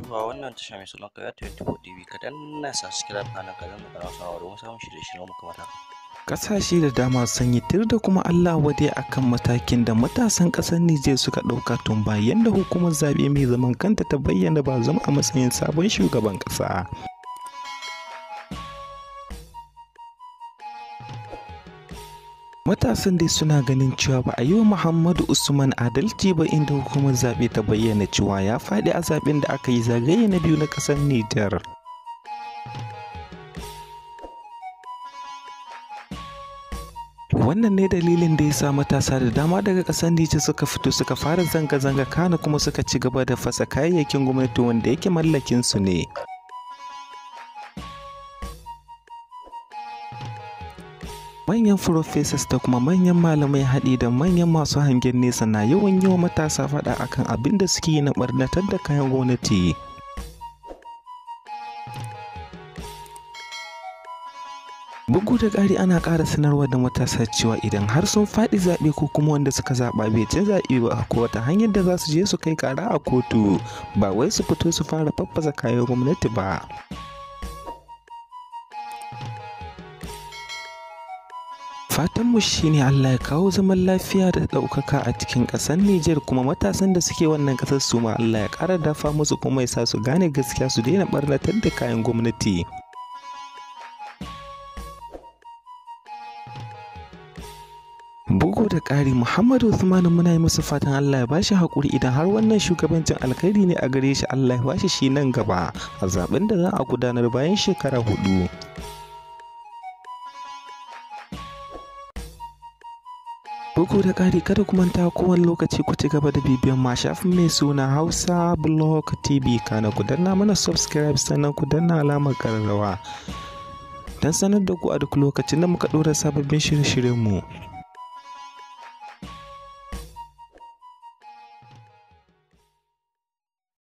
duba wannan tasha mai salon kaya 24 tv kadan na subscribe kana ka zama karamar domin samun shirye-shiryen mu kamar haka kasashe da dama sun yi tir da kuma Allah wadai akan matakin da matasan ƙasar Nijar suka ɗauka tun bayan da hukumar zaɓe mai zaman kanta ta bayyana ba zama a matsayin sabon shugaban ƙasa. matasan dai suna ganin cewa ba a yi wa muhammadu usman adalci ba inda hukumar zaɓe ta bayyana cewa ya faɗi a zaɓen da aka yi zagaye na biyu na ƙasar nijar wannan ne dalilin da ya sa matasa da dama daga ƙasar Nijar suka fito suka fara zanga-zanga kana kuma suka ci gaba da fasa kayayyakin gwamnati wanda yake mallakin su ne manyan furofesas da kuma manyan malamai haɗi da manyan masu hangen nesa na yawan wa matasa faɗa akan abin da suke na ɓarnatar da kayan gwamnati bugu da ƙari ana ƙara sanarwa da matasa cewa idan har sun faɗi zaɓe ko kuma wanda suka zaɓa bai ci zaɓe ba ko wata hanyar da za su je su kai ƙara a kotu ba wai su fito su fara faffasa kayan gwamnati ba Fatanmu shi ne Allah ya kawo zaman lafiya da ɗaukaka a cikin ƙasar Nijar kuma matasan da suke wannan ƙasar su ma Allah ya ƙara dafa musu kuma ya sa su gane gaskiya su daina ɓarnatar da kayan gwamnati. Bugu da ƙari Muhammadu Usman muna yi musu fatan Allah ya bashi haƙuri idan har wannan shugabancin alkhairi ne a gare shi Allah ya bashi shi nan gaba a zaɓen da za a gudanar bayan shekara hudu. bugu da ƙari kada ku manta kowane lokaci ku ci gaba da bibiyan ma shafin mai suna hausa blog tv kana ku danna mana subscribe sannan ku danna alamar kararrawa don sanar da ku a duk lokacin da muka ɗora sababbin shirye-shiryenmu